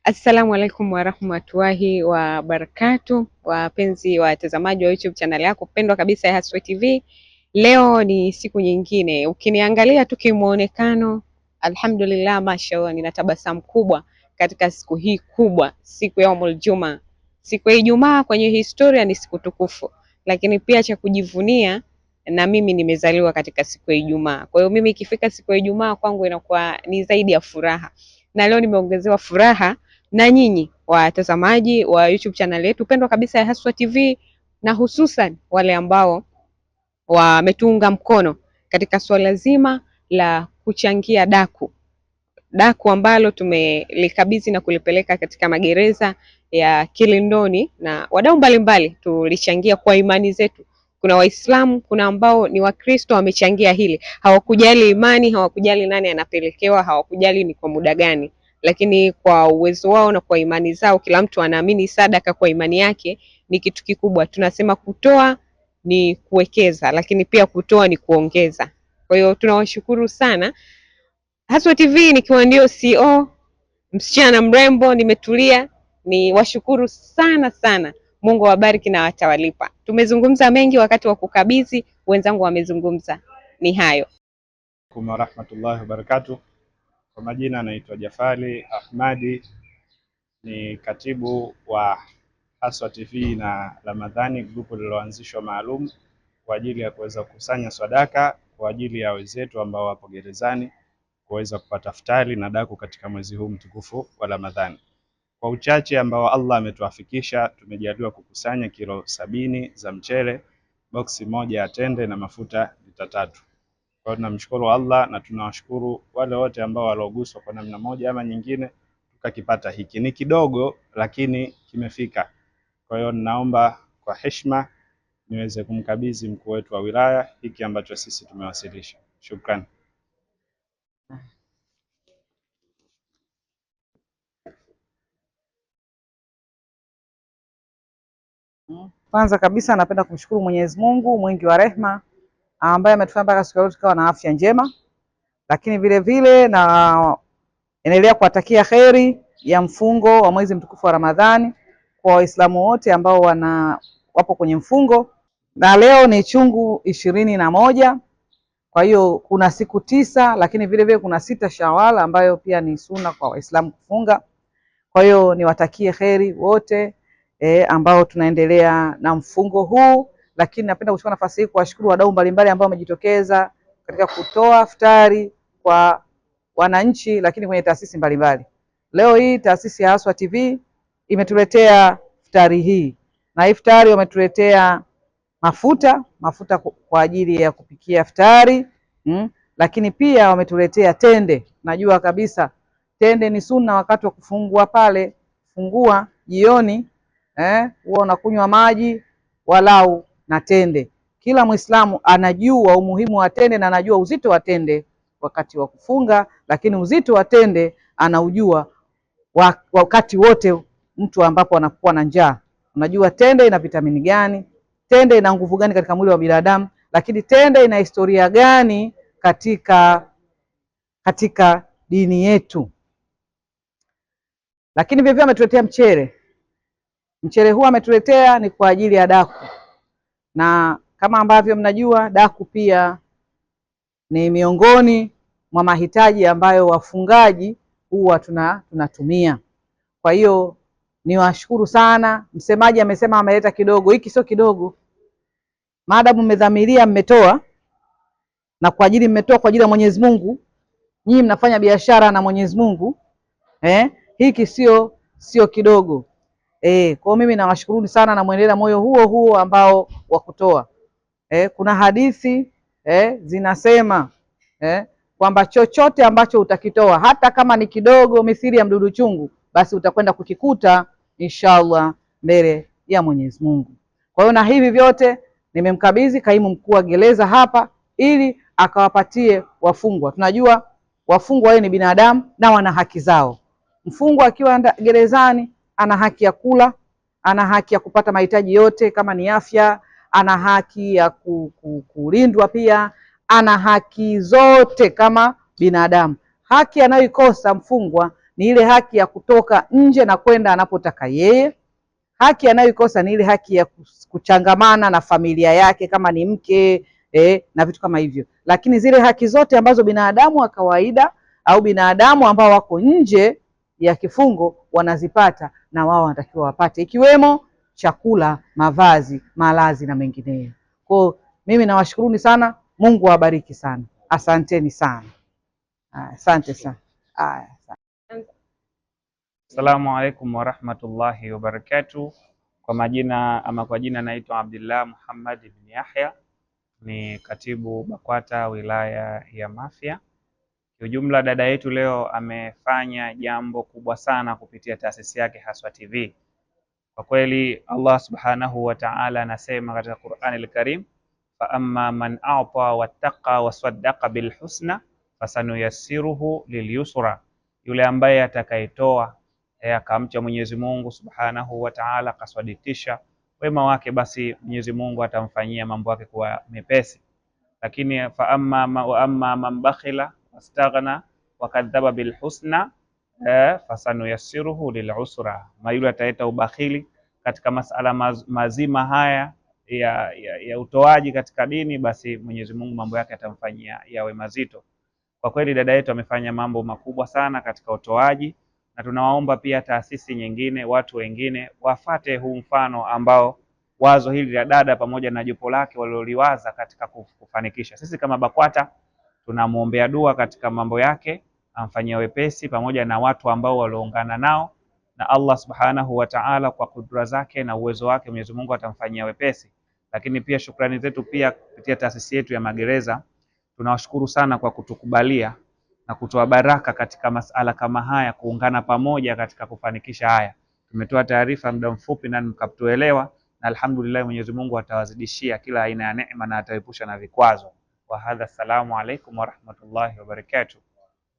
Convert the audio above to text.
Assalamu alaikum warahmatullahi wabarakatu, wapenzi watazamaji wa YouTube channel yako pendwa kabisa ya Haswa TV. Leo ni siku nyingine, ukiniangalia tu kimwonekano, alhamdulillah, mashallah, nina tabasamu kubwa katika siku hii kubwa, siku ya Yaumul Juma. Siku ya Ijumaa kwenye historia ni siku tukufu, lakini pia cha kujivunia na mimi nimezaliwa katika siku ya Ijumaa. Kwa hiyo mimi ikifika siku ya Ijumaa kwangu inakuwa ni zaidi ya furaha, na leo nimeongezewa furaha na nyinyi watazamaji wa YouTube channel yetu pendwa kabisa ya Haswa TV na hususan wale ambao wametuunga mkono katika suala zima la kuchangia daku daku ambalo tumelikabidhi na kulipeleka katika magereza ya Kilindoni na wadau mbalimbali tulichangia kwa imani zetu. Kuna Waislamu, kuna ambao ni Wakristo wamechangia hili, hawakujali imani, hawakujali nani anapelekewa, hawakujali ni kwa muda gani lakini kwa uwezo wao na kwa imani zao, kila mtu anaamini sadaka kwa imani yake ni kitu kikubwa. Tunasema kutoa ni kuwekeza, lakini pia kutoa ni kuongeza. Kwa hiyo tunawashukuru sana Haswa TV, nikiwa ndio CEO msichana mrembo, nimetulia. Ni washukuru sana sana, Mungu awabariki na watawalipa. Tumezungumza mengi wakati wa kukabidhi, wenzangu wamezungumza. Ni hayo. Warahmatullahi wabarakatuh. Kwa majina anaitwa Jafari Ahmadi, ni katibu wa Haswa TV na Ramadhani, grupu lililoanzishwa maalum kwa ajili ya kuweza kukusanya swadaka kwa ajili ya wenzetu ambao wapo gerezani kuweza kupata futari na daku katika mwezi huu mtukufu wa Ramadhani. Kwa uchache ambao Allah ametuafikisha, tumejaliwa kukusanya kilo sabini za mchele, boksi moja ya tende na mafuta lita tatu. Kwa tunamshukuru Allah na tunawashukuru wale wote ambao walioguswa kwa namna moja ama nyingine, tukakipata hiki. Ni kidogo lakini kimefika. Kwa hiyo ninaomba kwa heshima niweze kumkabidhi mkuu wetu wa wilaya hiki ambacho sisi tumewasilisha. Shukrani. Kwanza kabisa napenda kumshukuru Mwenyezi Mungu mwingi wa rehema ambaye ametufanya mpaka siku leo tukawa na afya njema, lakini vile vile na endelea kuwatakia kheri ya mfungo wa mwezi mtukufu wa Ramadhani kwa Waislamu wote ambao wana wapo kwenye mfungo, na leo ni chungu ishirini na moja. Kwa hiyo kuna siku tisa, lakini vile vile kuna sita Shawal ambayo pia ni suna kwa Waislamu kufunga. Kwa hiyo niwatakie kheri wote e, ambao tunaendelea na mfungo huu lakini napenda kuchukua nafasi hii kuwashukuru wadau mbalimbali ambao wamejitokeza katika kutoa futari kwa wananchi, lakini kwenye taasisi mbalimbali. Leo hii taasisi ya Haswa TV imetuletea futari hii, na hii futari wametuletea mafuta mafuta kwa ajili ya kupikia futari mm, lakini pia wametuletea tende. Najua kabisa tende ni sunna wakati wa kufungua pale fungua jioni, eh, huwa unakunywa maji walau na tende. Kila Mwislamu anajua umuhimu wa tende na anajua uzito wa tende wakati wa kufunga, lakini uzito wa tende anaujua wakati wote mtu ambapo anakuwa na njaa. Unajua tende ina vitamini gani, tende ina nguvu gani katika mwili wa binadamu, lakini tende ina historia gani katika katika dini yetu. Lakini vivyo ametuletea mchere. Mchere huu ametuletea ni kwa ajili ya daku na kama ambavyo mnajua, daku pia ni miongoni mwa mahitaji ambayo wafungaji huwa tuna tunatumia. Kwa hiyo niwashukuru sana. Msemaji amesema ameleta kidogo, hiki sio kidogo. Maadamu mmedhamiria, mmetoa na kwa ajili mmetoa kwa ajili ya Mwenyezi Mungu, nyinyi mnafanya biashara na Mwenyezi Mungu eh, hiki sio sio kidogo. E, kwa mimi nawashukuruni sana na mwendelea moyo huo huo ambao wa kutoa. E, kuna hadithi e, zinasema e, kwamba chochote ambacho utakitoa hata kama ni kidogo misiri ya mdudu chungu, basi utakwenda kukikuta inshallah mbele ya Mwenyezi Mungu. Kwa hiyo na hivi vyote nimemkabidhi kaimu mkuu wa gereza hapa ili akawapatie wafungwa. Tunajua wafungwa wao ni binadamu na wana haki zao. Mfungwa akiwa gerezani ana haki ya kula, ana haki ya kupata mahitaji yote kama ni afya, ana haki ya kulindwa pia, ana haki zote kama binadamu. Haki anayoikosa mfungwa ni ile haki ya kutoka nje na kwenda anapotaka yeye. Haki anayoikosa ni ile haki ya kuchangamana na familia yake kama ni mke eh, na vitu kama hivyo. Lakini zile haki zote ambazo binadamu wa kawaida au binadamu ambao wako nje ya kifungo wanazipata na wao wanatakiwa wapate, ikiwemo chakula, mavazi, malazi na mengineyo. Kwa mimi nawashukuruni sana, Mungu awabariki sana, asanteni sana, asante sana. Assalamu alaikum warahmatullahi wabarakatuh. Kwa majina ama kwa jina naitwa Abdullah Muhammad bin Yahya, ni katibu BAKWATA wilaya ya Mafia. Kiujumla, dada yetu leo amefanya jambo kubwa sana kupitia taasisi yake Haswa TV. Kwa kweli Allah subhanahu wa ta'ala anasema katika Qur'an al-Karim, fa amma man a'ta wattaqa wasaddaqa bilhusna fasanuyasiruhu lilyusra, yule ambaye atakayetoa eh, akamcha Mwenyezi Mungu subhanahu wa ta'ala, akasadikisha wema wake, basi Mwenyezi Mungu atamfanyia mambo yake kuwa mepesi. Lakini fa amma wa amma man bakhila fastaghna wakadhaba bilhusna eh, fasanuyassiruhu lilusra, na yule ataleta ubakhili katika masala maz, mazima haya ya, ya, ya utoaji katika dini, basi Mwenyezi Mungu mambo yake atamfanyia yawe mazito. Kwa kweli dada yetu amefanya mambo makubwa sana katika utoaji, na tunawaomba pia taasisi nyingine, watu wengine wafate huu mfano ambao wazo hili la dada pamoja na jopo lake walioliwaza katika kufanikisha. Sisi kama BAKWATA tunamwombea dua katika mambo yake, amfanyia wepesi pamoja na watu ambao walioungana nao, na Allah subhanahu wa ta'ala kwa kudra zake na uwezo wake Mwenyezi Mungu atamfanyia wepesi. Lakini pia shukrani zetu pia kupitia taasisi yetu ya magereza, tunawashukuru sana kwa kutukubalia na kutoa baraka katika masala kama haya, kuungana pamoja katika kufanikisha haya. Tumetoa taarifa muda mfupi na mkatuelewa, na alhamdulillah Mwenyezi Mungu atawazidishia kila aina ya neema na ataepusha na vikwazo. وهذا السلام عليكم ورحمة الله وبركاته